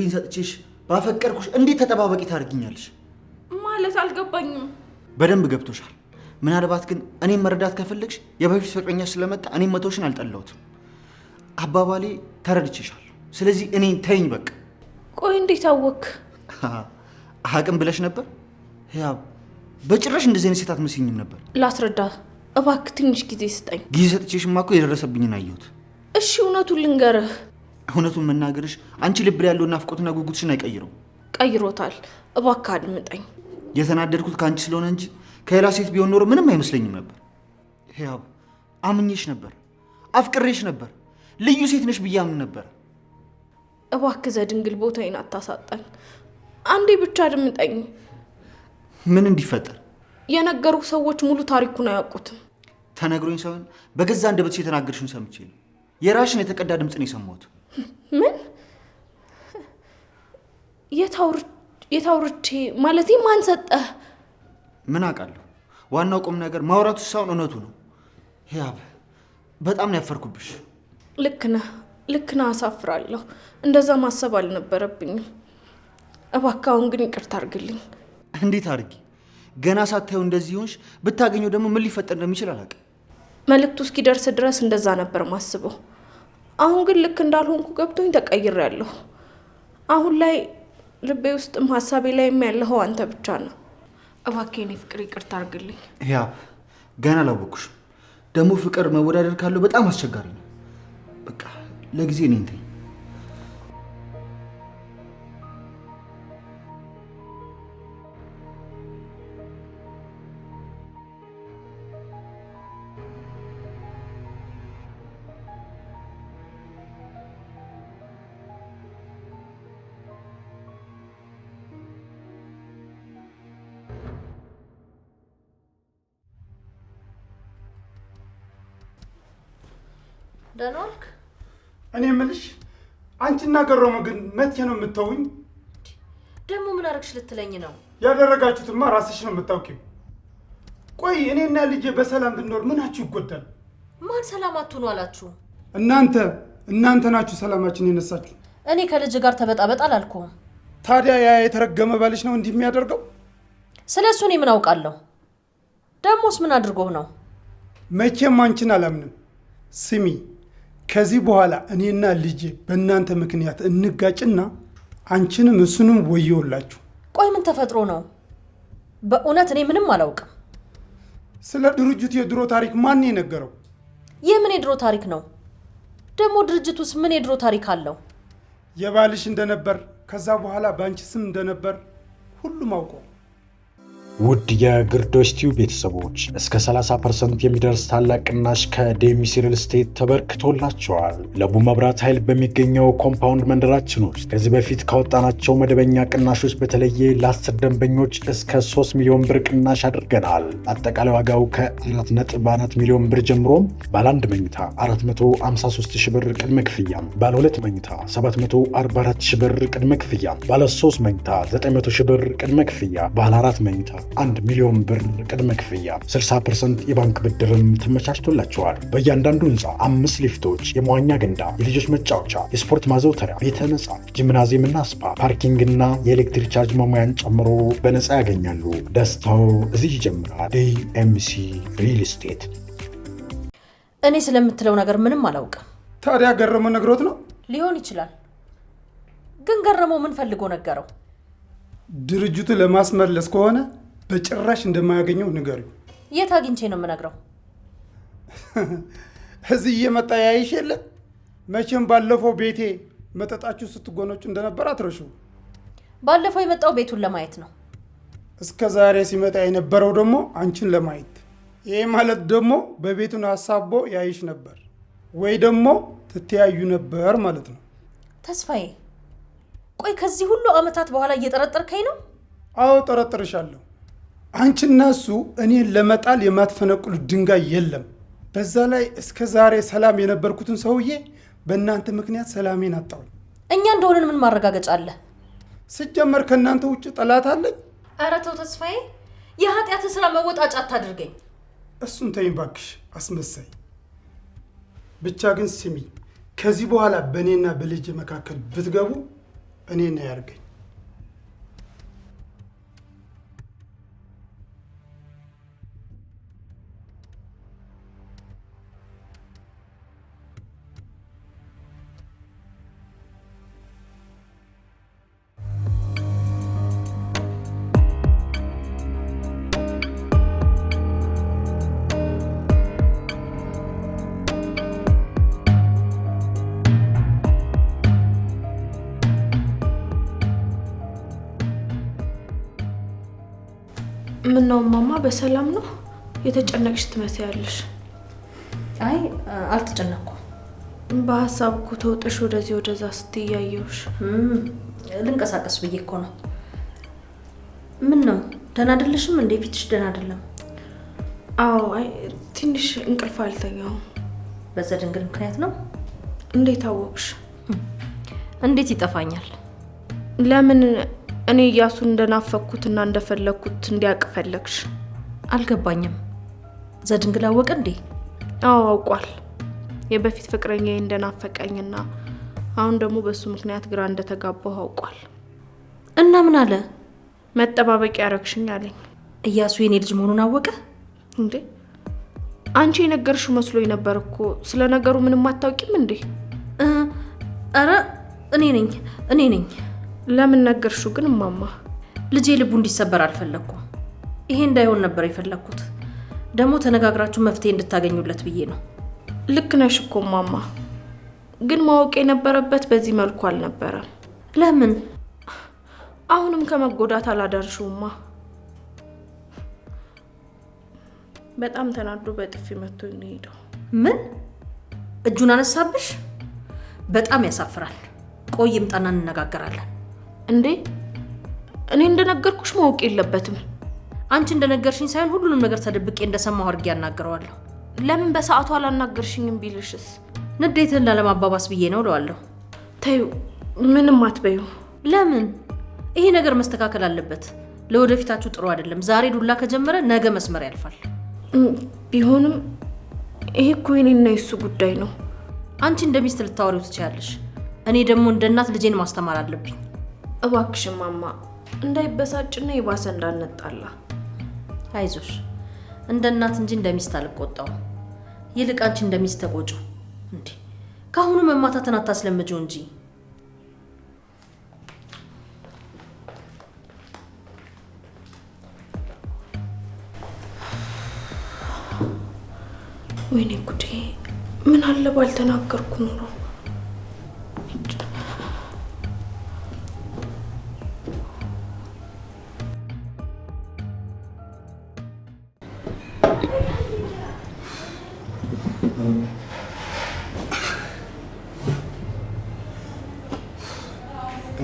ልቤን ሰጥቼሽ ባፈቀርኩሽ እንዴት ተጠባበቂ ታደርጊኛለሽ? ማለት አልገባኝም። በደንብ ገብቶሻል። ምናልባት ግን እኔም መረዳት ከፈለግሽ የበፊት ፍቅረኛ ስለመጣ እኔም መቶሽን አልጠላሁትም። አባባሌ ተረድቼሻል። ስለዚህ እኔ ተይኝ በቃ። ቆይ እንዴት አወክ? አቅም ብለሽ ነበር። ያው በጭራሽ እንደዚህ አይነት ሴት አትመስኝም ነበር። ላስረዳ እባክህ፣ ትንሽ ጊዜ ስጠኝ። ጊዜ ሰጥቼሽማ እኮ የደረሰብኝን አየሁት። እሺ እውነቱን ልንገርህ እውነቱን መናገርሽ አንቺ ልብ ላይ ያለውን ናፍቆትና ጉጉትሽን አይቀይረው። ቀይሮታል። እባክህ አድምጠኝ። የተናደድኩት ከአንቺ ስለሆነ እንጂ ከሌላ ሴት ቢሆን ኖሮ ምንም አይመስለኝም ነበር። ህያብ፣ አምኜሽ ነበር፣ አፍቅሬሽ ነበር፣ ልዩ ሴት ነሽ ብዬ አምን ነበር። እባክህ ዘድንግል ቦታዬን አታሳጣኝ። አንዴ ብቻ አድምጠኝ። ምን እንዲፈጠር የነገሩ ሰዎች ሙሉ ታሪኩን አያውቁትም። ተነግሮኝ ሳይሆን በገዛ አንደበትሽ የተናገርሽን ሰምቼ ነው። የራሽን የተቀዳ ድምፅ ነው የሰማሁት። ምን የታውርቼ ማለት ማን ሰጠህ? ምን አውቃለሁ። ዋናው ቁም ነገር ማውራቱ ሳይሆን እውነቱ ነው። ያብ በጣም ነው ያፈርኩብሽ። ልክ ነህ፣ ልክ ነህ። አሳፍራለሁ። እንደዛ ማሰብ አልነበረብኝም። እባክህ አሁን ግን ይቅርታ አድርግልኝ። እንዴት አድርጊ? ገና ሳታየው እንደዚህ ሆንሽ። ብታገኘው ደግሞ ምን ሊፈጠር እንደሚችል አላውቅም። መልእክቱ እስኪደርስ ድረስ እንደዛ ነበር ማስበው። አሁን ግን ልክ እንዳልሆንኩ ገብቶኝ ተቀይሬያለሁ። አሁን ላይ ልቤ ውስጥም ሀሳቤ ላይም ያለኸው አንተ ብቻ ነው። እባክህ የኔ ፍቅር ይቅርታ አድርግልኝ። ያ ገና አላወኩሽም። ደግሞ ፍቅር መወዳደር ካለው በጣም አስቸጋሪ ነው። በቃ ለጊዜ እኔ እንትን አንቺና ገረሙ ግን መቼ ነው የምትተውኝ? ደግሞ ምን አደረግሽ ልትለኝ ነው? ያደረጋችሁትማ ራስሽ ነው የምታውቂው። ቆይ እኔና ልጄ በሰላም ብንኖር ምናችሁ ይጎዳል? ማን ሰላም አትሁኑ አላችሁ? እናንተ እናንተ ናችሁ ሰላማችን የነሳችሁ። እኔ ከልጅ ጋር ተበጣበጥ አላልኩም። ታዲያ ያ የተረገመ ባልሽ ነው እንዲህ የሚያደርገው? ስለ እሱ እኔ ምን አውቃለሁ? ደግሞስ ምን አድርጎ ነው? መቼም አንቺን አላምንም። ስሚ ከዚህ በኋላ እኔና ልጄ በእናንተ ምክንያት እንጋጭና አንቺንም እሱንም ወየውላችሁ። ቆይ ምን ተፈጥሮ ነው? በእውነት እኔ ምንም አላውቅም። ስለ ድርጅቱ የድሮ ታሪክ ማን የነገረው? ይህ ምን የድሮ ታሪክ ነው ደግሞ? ድርጅት ውስጥ ምን የድሮ ታሪክ አለው? የባልሽ እንደነበር ከዛ በኋላ በአንቺ ስም እንደነበር ሁሉም አውቀው ውድ የግርዶሽ ቲዩብ ቤተሰቦች እስከ 30 ፐርሰንት የሚደርስ ታላቅ ቅናሽ ከዴሚስ ሪል ስቴት ተበርክቶላቸዋል። ለቡ መብራት ኃይል በሚገኘው ኮምፓውንድ መንደራችን ውስጥ ከዚህ በፊት ካወጣናቸው መደበኛ ቅናሾች በተለየ ለአስር ደንበኞች እስከ 3 ሚሊዮን ብር ቅናሽ አድርገናል። አጠቃላይ ዋጋው ከ 4 ሚሊዮን ብር ጀምሮም ባለ አንድ መኝታ 453 ሺ ብር ቅድመ ክፍያ፣ ባለ ሁለት መኝታ 744 ሺ ብር ቅድመ ክፍያ፣ ባለ 3 መኝታ 900 ሺ ብር ቅድመ ክፍያ፣ ባለ አራት መኝታ አንድ ሚሊዮን ብር ቅድመ ክፍያ 60 ፐርሰንት የባንክ ብድርም ተመቻችቶላቸዋል። በእያንዳንዱ ህንፃ አምስት ሊፍቶች፣ የመዋኛ ገንዳ፣ የልጆች መጫወቻ፣ የስፖርት ማዘውተሪያ፣ ቤተ መጻሕፍት፣ ና ስፓ፣ ፓርኪንግ እና የኤሌክትሪክ ቻርጅ መሙያን ጨምሮ በነፃ ያገኛሉ። ደስታው እዚህ ይጀምራል። ዲኤምሲ ሪል ስቴት። እኔ ስለምትለው ነገር ምንም አላውቅም። ታዲያ ገረመ ነግሮት ነው ሊሆን ይችላል። ግን ገረመው ምን ፈልጎ ነገረው? ድርጅቱ ለማስመለስ ከሆነ በጭራሽ እንደማያገኘው ንገሪው። የት አግኝቼ ነው የምነግረው? እዚህ እየመጣ ያይሽ የለ። መቼም ባለፈው ቤቴ መጠጣችሁ ስትጎኖች እንደነበር አትረሹ። ባለፈው የመጣው ቤቱን ለማየት ነው። እስከ ዛሬ ሲመጣ የነበረው ደግሞ አንቺን ለማየት። ይህ ማለት ደግሞ በቤቱን አሳቦ ያይሽ ነበር ወይ ደግሞ ትተያዩ ነበር ማለት ነው። ተስፋዬ፣ ቆይ ከዚህ ሁሉ ዓመታት በኋላ እየጠረጠርከኝ ነው? አዎ ጠረጥርሻለሁ። አንቺና እሱ እኔን ለመጣል የማትፈነቅሉት ድንጋይ የለም። በዛ ላይ እስከ ዛሬ ሰላም የነበርኩትን ሰውዬ በእናንተ ምክንያት ሰላሜን አጣሁኝ። እኛ እንደሆነን ምን ማረጋገጫ አለ? ስጀመር ከእናንተ ውጭ ጠላት አለኝ? ኧረ ተው ተስፋዬ፣ የኃጢአትን ስራ መወጣጫ አታድርገኝ። እሱን ተይኝ እባክሽ አስመሳይ። ብቻ ግን ስሚ፣ ከዚህ በኋላ በእኔና በልጅ መካከል ብትገቡ እኔና ያርገኝ። ምነው ማማ በሰላም ነው? የተጨነቅሽ ትመስያለሽ። አይ አልተጨነቅኩም። በሀሳብ እኮ ተውጠሽ ወደዚህ ወደዛ ስትያየውሽ። ልንቀሳቀስ ብዬ እኮ ነው። ምን ነው ደህና አይደለሽም እንዴ? ፊትሽ ደህና አይደለም። አዎ፣ አይ ትንሽ እንቅልፍ አልተኛሁም። በዛ ድንግል ምክንያት ነው። እንዴት አወቅሽ? እንዴት ይጠፋኛል? ለምን እኔ እያሱን እንደናፈኩትና እንደፈለግኩት እንዲያውቅ ፈለግሽ? አልገባኝም። ዘድንግል አወቀ እንዴ? አዎ አውቋል። የበፊት ፍቅረኛ እንደናፈቀኝና አሁን ደግሞ በእሱ ምክንያት ግራ እንደተጋባሁ አውቋል። እና ምን አለ? መጠባበቂያ ያረግሽኝ አለኝ። እያሱ የኔ ልጅ መሆኑን አወቀ እንዴ? አንቺ የነገርሽው መስሎኝ ነበር እኮ። ስለ ነገሩ ምንም አታውቂም እንዴ? ኧረ እኔ ነኝ እኔ ነኝ ለምን ነገርሽው ግን እማማ? ልጄ ልቡ እንዲሰበር አልፈለግኩም። ይሄ እንዳይሆን ነበር የፈለግኩት። ደግሞ ተነጋግራችሁ መፍትሄ እንድታገኙለት ብዬ ነው። ልክ ነሽ እኮ እማማ፣ ግን ማወቅ የነበረበት በዚህ መልኩ አልነበረም። ለምን? አሁንም ከመጎዳት አላዳርሽውማ። በጣም ተናዶ በጥፊ መቶ ነው ምን እጁን አነሳብሽ? በጣም ያሳፍራል። ቆይ ይምጣና እንነጋገራለን። እንዴ እኔ እንደነገርኩሽ ማወቅ የለበትም። አንቺ እንደነገርሽኝ ሳይሆን ሁሉንም ነገር ተደብቄ እንደሰማሁ አድርጌ ያናግረዋለሁ። ለምን በሰዓቱ አላናገርሽኝም ቢልሽስ? ንዴትን ላለማባባስ ብዬ ነው እለዋለሁ። ተዩ፣ ምንም አትበዩ። ለምን? ይሄ ነገር መስተካከል አለበት። ለወደፊታችሁ ጥሩ አይደለም። ዛሬ ዱላ ከጀመረ ነገ መስመር ያልፋል። ቢሆንም ይሄ እኮ የኔና የሱ ጉዳይ ነው። አንቺ እንደ ሚስት ልታወሪው ትችያለሽ። እኔ ደግሞ እንደ እናት ልጄን ማስተማር አለብኝ። እባክሽ ማማ እንዳይበሳጭና የባሰ እንዳነጣላ። አይዞሽ እንደ እናት እንጂ እንደሚስት አልቆጣው። ይልቅ አንቺ እንደሚስት ተቆጩ እንዴ! ከአሁኑ መማታትን አታስለምጂው እንጂ ወይኔ ጉዴ! ምን አለ ባልተናገርኩ ኑሮ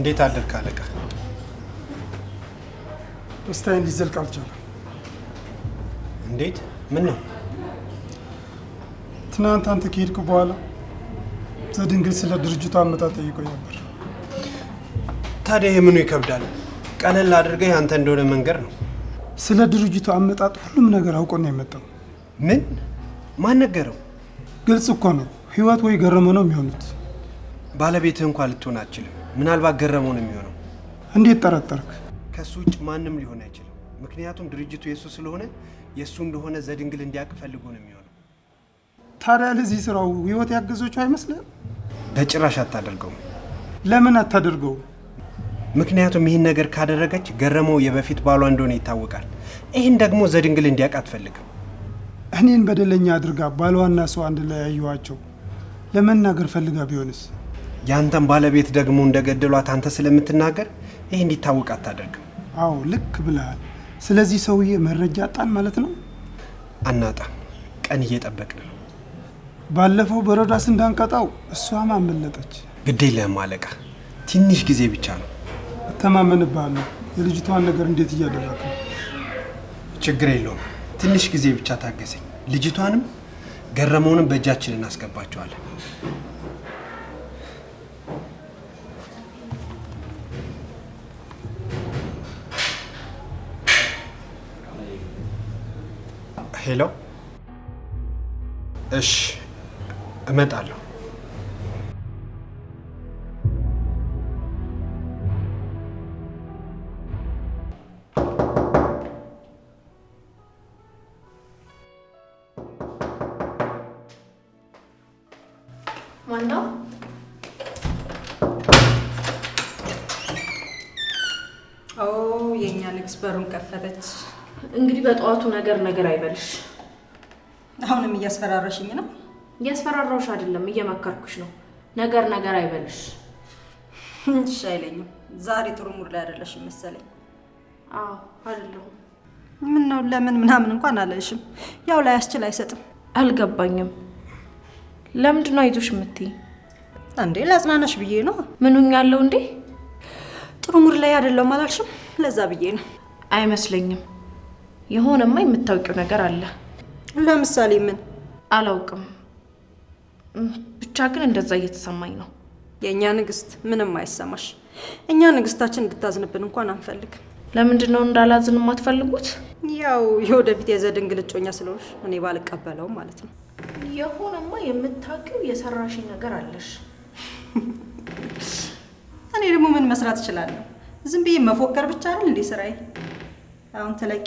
እንዴት አደርክ አለቃ? ደስታዬን እንዲዘልቅ አልቻለም። እንዴት? ምን ነው? ትናንት አንተ ከሄድኩ በኋላ ዘድንግል ስለ ድርጅቱ አመጣጥ ጠይቆኝ ነበር። ታዲያ የምኑ ይከብዳል? ቀለል አድርገህ አንተ እንደሆነ መንገድ ነው። ስለ ድርጅቱ አመጣጥ ሁሉም ነገር አውቆ ነው የመጣው። ምን? ማን ነገረው? ግልጽ እኮ ነው። ህይወት ወይ ገረመ ነው የሚሆኑት። ባለቤትህ እንኳ ልትሆን አችልም። ምናልባት ገረመው ነው የሚሆነው። እንዴት ጠረጠርክ? ከሱ ውጭ ማንም ሊሆን አይችልም። ምክንያቱም ድርጅቱ የእሱ ስለሆነ የእሱ እንደሆነ ዘድንግል እንዲያውቅ ፈልጎ ነው የሚሆነው። ታዲያ ለዚህ ስራው ህይወት ያገዘችው አይመስልህም? በጭራሽ አታደርገውም። ለምን አታደርገው ምክንያቱም ይህን ነገር ካደረገች ገረመው የበፊት ባሏ እንደሆነ ይታወቃል። ይህን ደግሞ ዘድንግል እንዲያውቅ አትፈልግም። እኔን በደለኛ አድርጋ ባሏና ሰው አንድ ላይ ያየኋቸው ለመናገር ፈልጋ ቢሆንስ ያንተን ባለቤት ደግሞ እንደገደሏት አንተ ስለምትናገር ይህ እንዲታወቅ አታደርግም። አዎ ልክ ብለሃል። ስለዚህ ሰውዬ መረጃ አጣን ማለት ነው? አናጣም፣ ቀን እየጠበቅን ነው። ባለፈው በሮዳስ እንዳንቀጣው እሷም አመለጠች። ግዴ አለቃ፣ ትንሽ ጊዜ ብቻ ነው። እተማመንብሃለሁ። የልጅቷን ነገር እንዴት እያደረግ ነው? ችግር የለውም። ትንሽ ጊዜ ብቻ ታገሰኝ። ልጅቷንም ገረመውንም በእጃችን እናስገባቸዋለን። ሄሎ። እሺ እመጣለሁ። በጠዋቱ ነገር ነገር አይበልሽ። አሁንም እያስፈራረሽኝ ነው። እያስፈራራሁሽ አይደለም፣ እየመከርኩሽ ነው። ነገር ነገር አይበልሽ። እሺ አይለኝም። ዛሬ ጥሩ ሙድ ላይ አይደለሽም መሰለኝ። አዎ አይደለሁም። ነው ለምን ምናምን እንኳን አላልሽም። ያው ላይ አስችል አይሰጥም። አልገባኝም። ለምንድን ነው አይዞሽ የምትይ? እንዴ ላጽናናሽ ብዬ ነው። ምኑኝ ያለው እንዴ? ጥሩ ሙድ ላይ አይደለሁም አላልሽም? ለዛ ብዬ ነው። አይመስለኝም የሆነማ የምታውቂው ነገር አለ። ለምሳሌ ምን? አላውቅም፣ ብቻ ግን እንደዛ እየተሰማኝ ነው። የእኛ ንግስት ምንም አይሰማሽ። እኛ ንግስታችን እንድታዝንብን እንኳን አንፈልግም። ለምንድን ነው እንዳላዝን የማትፈልጉት? ያው የወደፊት የዘድን ግልጮኛ ስለሆንሽ እኔ ባልቀበለውም ማለት ነው። የሆነማ የምታውቂው የሰራሽኝ ነገር አለሽ። እኔ ደግሞ ምን መስራት እችላለሁ? ዝም ብዬ መፎከር ብቻ አይደል እንዴ ስራዬ? አሁን ተለቂ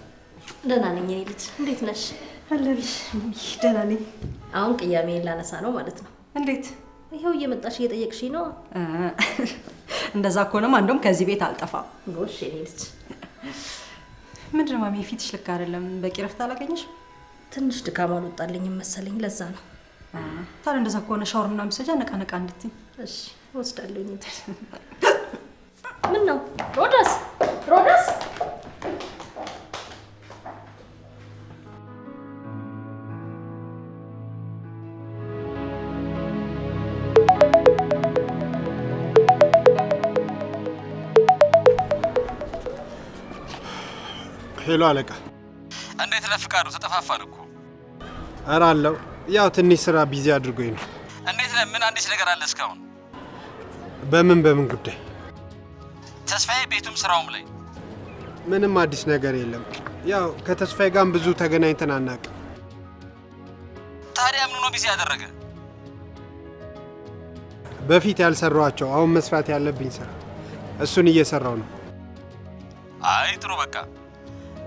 ደህና ነኝ የኔ ልጅ፣ እንዴት ነሽ? ደህና ነኝ። አሁን ቅያሜን ላነሳ ነው ማለት ነው። እንዴት? ይኸው እየመጣሽ ነው። እንደዛ ከሆነማ እንደውም ከዚህ ቤት አልጠፋም። ጎሽ የኔ ልጅ። ምንድን ነው ማሚ፣ ፊትሽ ልክ አይደለም። በቂ ረፍት ትንሽ ድካም አልወጣልኝም መሰለኝ፣ ለዛ ነው። ታዲያ እንደዛ ከሆነ ሻወር ምናምን ሰጃ ነቃ ነቃ እንድትይ። እሺ ወስዳለሁ። ምን ነው ሮዳስ፣ ሮዳስ ሄሎ አለቃ፣ እንዴት ለፍቃዱ ተጠፋፋን እኮ። ኧረ አለው ያው ትንሽ ስራ ቢዚ አድርጎኝ ነው። እንዴት ነህ? ምን አዲስ ነገር አለ እስካሁን? በምን በምን ጉዳይ? ተስፋዬ ቤቱም ስራውም ላይ ምንም አዲስ ነገር የለም። ያው ከተስፋዬ ጋርም ብዙ ተገናኝተን አናውቅም። ታዲያ ምኑ ነው ቢዚ ያደረገ? በፊት ያልሰራኋቸው አሁን መስራት ያለብኝ ስራ እሱን እየሰራው ነው። አይ ጥሩ በቃ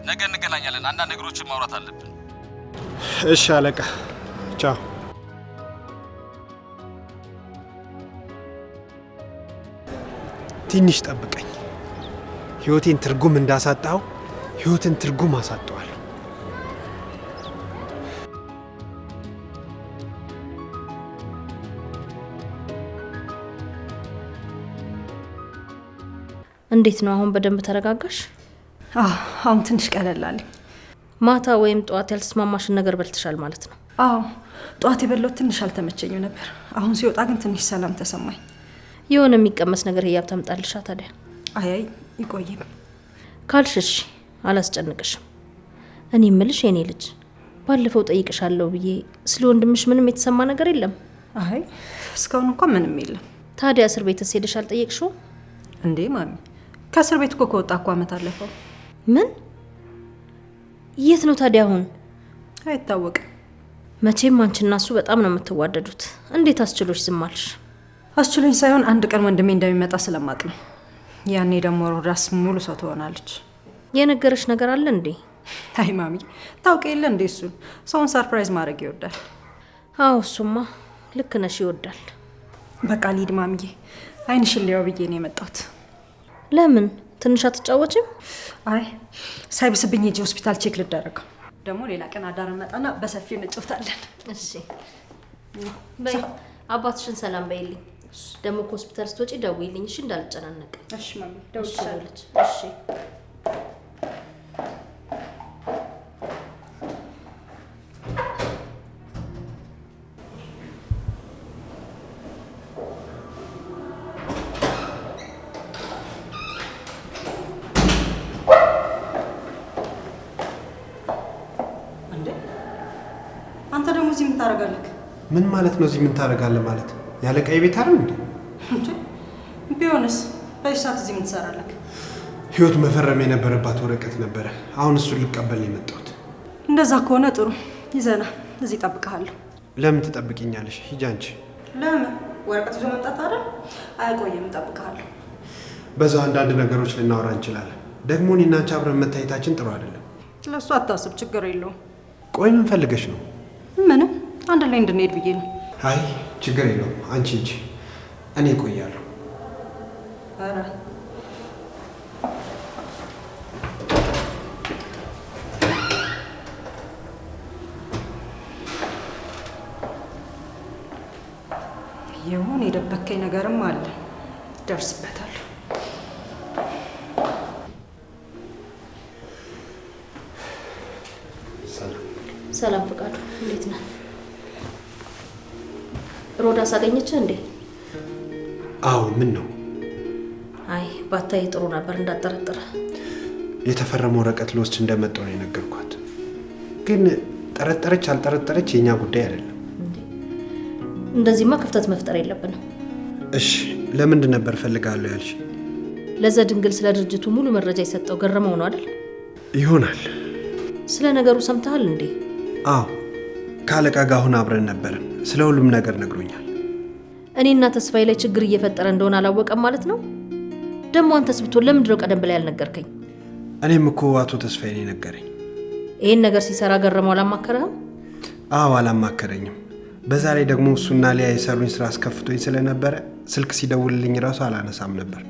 ነገ እንገናኛለን። አንዳንድ ነገሮችን ማውራት አለብን። እሺ አለቃ፣ ቻው። ትንሽ ጠብቀኝ። ህይወቴን ትርጉም እንዳሳጣው ህይወትን ትርጉም አሳጠዋል። እንዴት ነው አሁን? በደንብ ተረጋጋሽ? አሁን ትንሽ ቀለላል። ማታ ወይም ጠዋት ያልተስማማሽን ነገር በልትሻል ማለት ነው? አዎ ጠዋት የበላሁት ትንሽ አልተመቸኝ ነበር። አሁን ሲወጣ ግን ትንሽ ሰላም ተሰማኝ። የሆነ የሚቀመስ ነገር ህያብ ታምጣልሻ ታዲያ? አይ ይቆይም ካልሽሽ አላስጨንቅሽም። እኔ ምልሽ የኔ ልጅ ባለፈው ጠይቅሻለሁ ብዬ ስለ ወንድምሽ ምንም የተሰማ ነገር የለም? አይ እስካሁን እንኳ ምንም የለም። ታዲያ እስር ቤት ሄደሽ አልጠየቅሽው እንዴ? ማሚ ከእስር ቤት እኮ ከወጣ እኮ አመት አለፈው። ምን? የት ነው ታዲያ አሁን? አይታወቅም። መቼም አንቺና እሱ በጣም ነው የምትዋደዱት። እንዴት አስችሎች ዝም አልሽ? አስችሎኝ ሳይሆን አንድ ቀን ወንድሜ እንደሚመጣ ስለማቅ ነው። ያኔ ደግሞ ሮዳስ ሙሉ ሰው ትሆናለች። የነገረች ነገር አለ እንዴ? አይ ማሚ፣ ታውቂ የለ እንዴ እሱን ሰውን ሰርፕራይዝ ማድረግ ይወዳል። አዎ እሱማ ልክ ነሽ፣ ይወዳል። በቃ ሊድ ማሚዬ፣ አይንሽን ሊያው ብዬ ነው የመጣሁት። ለምን ትንሽ አትጫወችም? አይ ሳይብስብኝ ሄጄ ሆስፒታል ቼክ ልደረግ። ደግሞ ሌላ ቀን አዳር እመጣና በሰፊው እንጫወታለን። እሺ በይ፣ አባትሽን ሰላም በይልኝ። ደግሞ ከሆስፒታል ስትወጪ ደውይልኝ እሺ፣ እንዳልጨናነቅ። እሺ ማሚ፣ ደውልልሽ። እሺ ታደርጋለህ? ምን ማለት ነው? እዚህ ምን ታደርጋለህ ማለት ያለቃዬ ቤት አይደል እንዴ? ቢሆንስ በዚህ ሰዓት እዚህ ምን ትሰራለህ? ህይወት መፈረም የነበረባት ወረቀት ነበረ። አሁን እሱን ልቀበል ነው የመጣሁት። እንደዛ ከሆነ ጥሩ ይዘና እዚህ እጠብቅሃለሁ። ለምን ትጠብቅኛለሽ? ሂጂ አንቺ። ለምን ወረቀት ይዞ መምጣት አይደል? አይቆየም፣ እጠብቅሃለሁ። በዛው አንዳንድ ነገሮች ልናወራ እንችላለን። ደግሞ እኔና አንቺ አብረን መታየታችን ጥሩ አይደለም። ለእሱ አታስብ፣ ችግር የለውም። ቆይ ምን ፈልገሽ ነው? ምንም አንድ ላይ እንድንሄድ ብዬ ነው። አይ ችግር የለውም አንቺ እንጂ እኔ እቆያለሁ። አገኘች እንዴ? አዎ። ምን ነው? አይ ባታይ ጥሩ ነበር። እንዳጠረጥረ የተፈረመ ወረቀት ልወስድ እንደመጣሁ ነው የነገርኳት። ግን ጠረጠረች አልጠረጠረች የእኛ ጉዳይ አይደለም። እንደዚህማ ክፍተት መፍጠር የለብንም። እሺ ለምንድን ነበር ፈልጋለሁ ያልሽ? ድንግል ስለ ድርጅቱ ሙሉ መረጃ የሰጠው ገረመው ነው አይደል? ይሆናል። ስለ ነገሩ ሰምተሃል እንዴ? አዎ ከአለቃ ጋር አሁን አብረን ነበርን። ስለ ሁሉም ነገር ነግሮኛል። እኔና ተስፋዬ ላይ ችግር እየፈጠረ እንደሆነ አላወቀም ማለት ነው። ደግሞ ስብቶ ብትሆን ለምንድነው ቀደም ብላ ያልነገርከኝ? እኔም እኮ አቶ ተስፋዬ ነው የነገረኝ። ይህን ነገር ሲሰራ ገረመው አላማከረህም? አዎ አላማከረኝም። በዛ ላይ ደግሞ እሱና ሊያ የሰሩኝ ስራ አስከፍቶኝ ስለነበረ ስልክ ሲደውልልኝ ራሱ አላነሳም ነበር።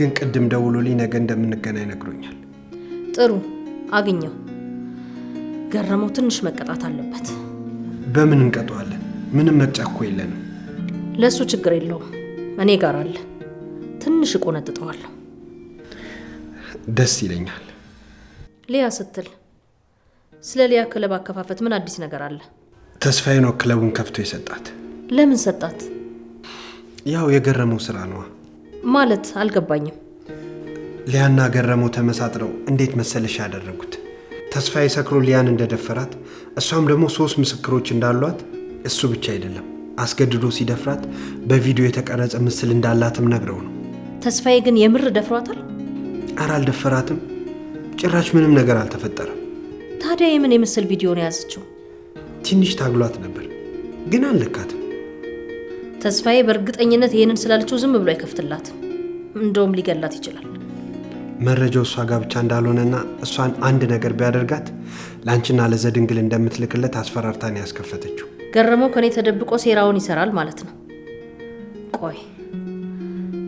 ግን ቅድም ደውሎልኝ ነገ እንደምንገናኝ ነግሮኛል። ጥሩ አግኘው። ገረመው ትንሽ መቀጣት አለበት። በምን እንቀጠዋለን? ምንም መቅጫ እኮ የለንም። ለእሱ ችግር የለውም። እኔ ጋር አለ። ትንሽ እቆነጥጠዋለሁ። ደስ ይለኛል። ሊያ ስትል ስለ ሊያ ክለብ አከፋፈት ምን አዲስ ነገር አለ? ተስፋዬ ነው ክለቡን ከፍቶ የሰጣት። ለምን ሰጣት? ያው የገረመው ስራ ነዋ። ማለት አልገባኝም። ሊያና ገረመው ተመሳጥረው እንዴት መሰለሽ ያደረጉት ተስፋዬ ሰክሮ ሊያን እንደደፈራት እሷም ደግሞ ሶስት ምስክሮች እንዳሏት እሱ ብቻ አይደለም አስገድዶ ሲደፍራት በቪዲዮ የተቀረጸ ምስል እንዳላትም ነግረው ነው። ተስፋዬ ግን የምር ደፍሯታል? ኧረ አልደፈራትም። ጭራሽ ምንም ነገር አልተፈጠረም። ታዲያ የምን የምስል ቪዲዮ ነው የያዘችው? ትንሽ ታግሏት ነበር ግን አልነካትም። ተስፋዬ በእርግጠኝነት ይህንን ስላለችው ዝም ብሎ አይከፍትላትም። እንደውም ሊገላት ይችላል። መረጃው እሷ ጋር ብቻ እንዳልሆነና እሷን አንድ ነገር ቢያደርጋት ለአንቺና ለዘድንግል እንደምትልክለት አስፈራርታን ያስከፈተችው ገረመው ከኔ ተደብቆ ሴራውን ይሰራል ማለት ነው። ቆይ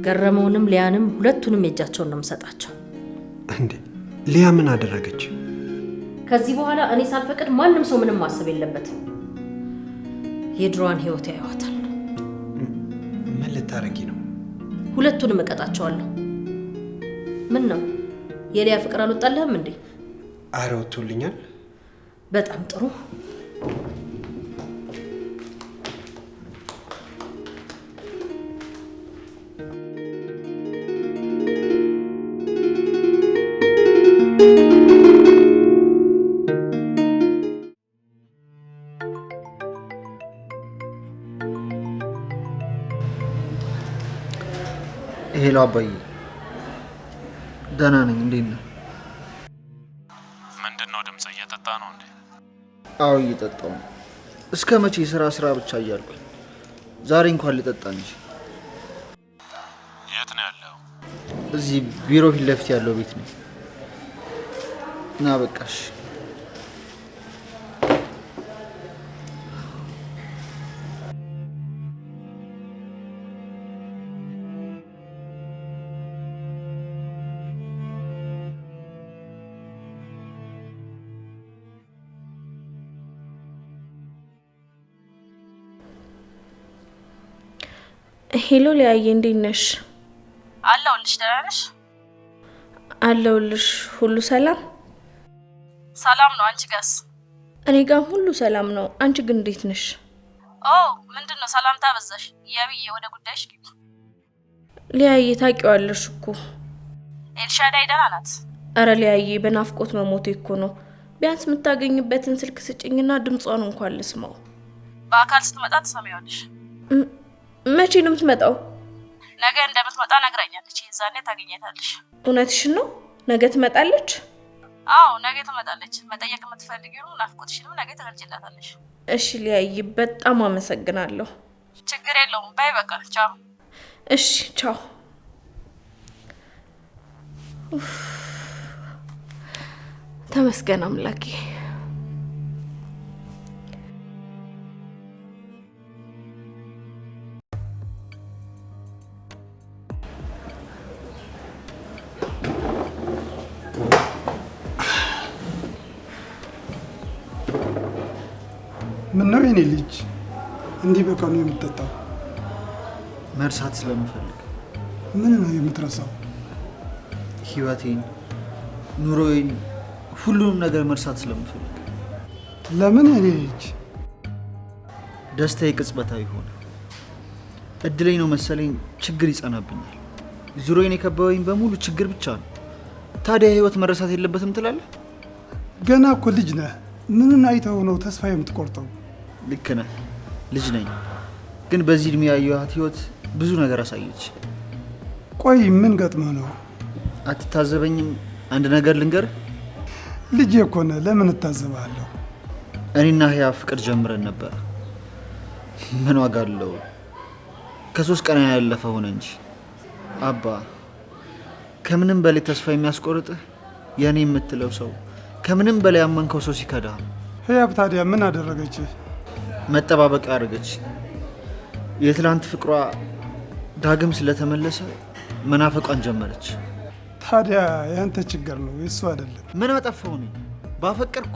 ገረመውንም ሊያንም ሁለቱንም የእጃቸውን ነው የምሰጣቸው። እንዴ ሊያ ምን አደረገች? ከዚህ በኋላ እኔ ሳልፈቅድ ማንም ሰው ምንም ማሰብ የለበትም። የድሯን ህይወት ያየዋታል። ምን ልታረጊ ነው? ሁለቱንም እቀጣቸዋለሁ። ምን ነው የሊያ ፍቅር አልወጣልህም እንዴ? አረ ወጥቶልኛል። በጣም ጥሩ አባዬ ደህና ነኝ። እንዴት ነህ? ምንድን ነው ድምፅ? እየጠጣ ነው እንዴ? አዎ እየጠጣው ነው። እስከ መቼ ስራ ስራ ብቻ እያልኩኝ ዛሬ እንኳን ልጠጣ እንጂ። የት ነው ያለው? እዚህ ቢሮ ፊት ለፊት ያለው ቤት ነው። እና በቃሽ ሄሎ ሊያየ፣ እንዴት ነሽ? አለሁልሽ። ደህና ነሽ? አለሁልሽ። ሁሉ ሰላም? ሰላም ነው። አንቺ ጋስ? እኔ ጋም ሁሉ ሰላም ነው። አንቺ ግን እንዴት ነሽ? ኦ ምንድን ነው ሰላምታ በዛሽ። የብዬ ወደ ጉዳይሽ ግቢ። ሊያየ፣ ታውቂዋለሽ እኮ ኤልሻዳይ ደህና ናት? እረ ሊያየ፣ በናፍቆት መሞቴ እኮ ነው። ቢያንስ የምታገኝበትን ስልክ ስጭኝና ድምጿን እንኳን ልስማው። በአካል ስትመጣ ትሰሚዋለሽ። መቼ ነው የምትመጣው? ነገ እንደምትመጣ ነግራኛለች። የዛኔ ታገኘታለሽ። እውነትሽን ነው? ነገ ትመጣለች? አዎ ነገ ትመጣለች። መጠየቅ የምትፈልጊው ናፍቆትሽንም ነገ ትገልጭላታለሽ። እሺ ሊያይ፣ በጣም አመሰግናለሁ። ችግር የለውም። ባይ፣ በቃ ቻው። እሺ ቻው። ተመስገን አምላኬ። ምን ነው የኔ ልጅ እንዲህ በቀኑ የምትጠጣው? መርሳት ስለምፈልግ። ምን ነው የምትረሳው? ህይወቴን፣ ኑሮዬን፣ ሁሉንም ነገር መርሳት ስለምፈልግ። ለምን የኔ ልጅ? ደስታዬ ቅጽበታዊ ሆነ። እድለኝ ነው መሰለኝ ችግር ይጸናብኛል። ዙሮዬን የከበበኝ በሙሉ ችግር ብቻ ነው። ታዲያ ህይወት መረሳት የለበትም ትላለህ? ገና እኮ ልጅ ነህ። ምንን አይተው ነው ተስፋ የምትቆርጠው? ልክ ነህ። ልጅ ነኝ፣ ግን በዚህ እድሜ ያየኋት ህይወት ብዙ ነገር አሳየች። ቆይ ምን ገጥመ ነው? አትታዘበኝም? አንድ ነገር ልንገር ልጅ እኮ ነህ፣ ለምን እታዘባለሁ? እኔና ህያ ፍቅር ጀምረን ነበር። ምን ዋጋ አለው? ከሶስት ቀን ያለፈ ሆነ እንጂ። አባ ከምንም በላይ ተስፋ የሚያስቆርጥህ የእኔ የምትለው ሰው ከምንም በላይ ያመንከው ሰው ሲከዳ። ህያብ ታዲያ ምን አደረገችህ? መጠባበቂያ አደረገች። የትላንት ፍቅሯ ዳግም ስለተመለሰ መናፈቋን ጀመረች። ታዲያ ያንተ ችግር ነው የእሱ አይደለም። ምን አጠፋው? እኔ ባፈቀርኩ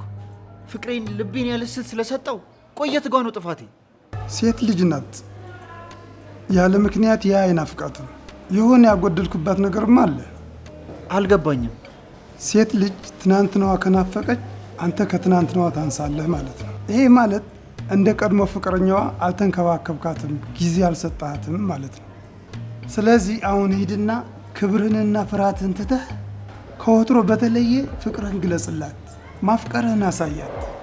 ፍቅሬን ልቤን ያለስት ስለሰጠው ቆየት ጓ ነው ጥፋቴ። ሴት ልጅ ናት ያለ ምክንያት ያ ነው። የሆነ ያጎደልኩባት ነገርም አለ። አልገባኝም። ሴት ልጅ ትናንትናዋ ከናፈቀች አንተ ከትናንትናዋ ታንሳለህ ማለት ነው። ይሄ ማለት እንደ ቀድሞ ፍቅረኛዋ አልተንከባከብካትም፣ ጊዜ አልሰጣትም ማለት ነው። ስለዚህ አሁን ሂድና ክብርህንና ፍርሃትህን ትተህ ከወትሮ በተለየ ፍቅርህን ግለጽላት፣ ማፍቀርህን አሳያት።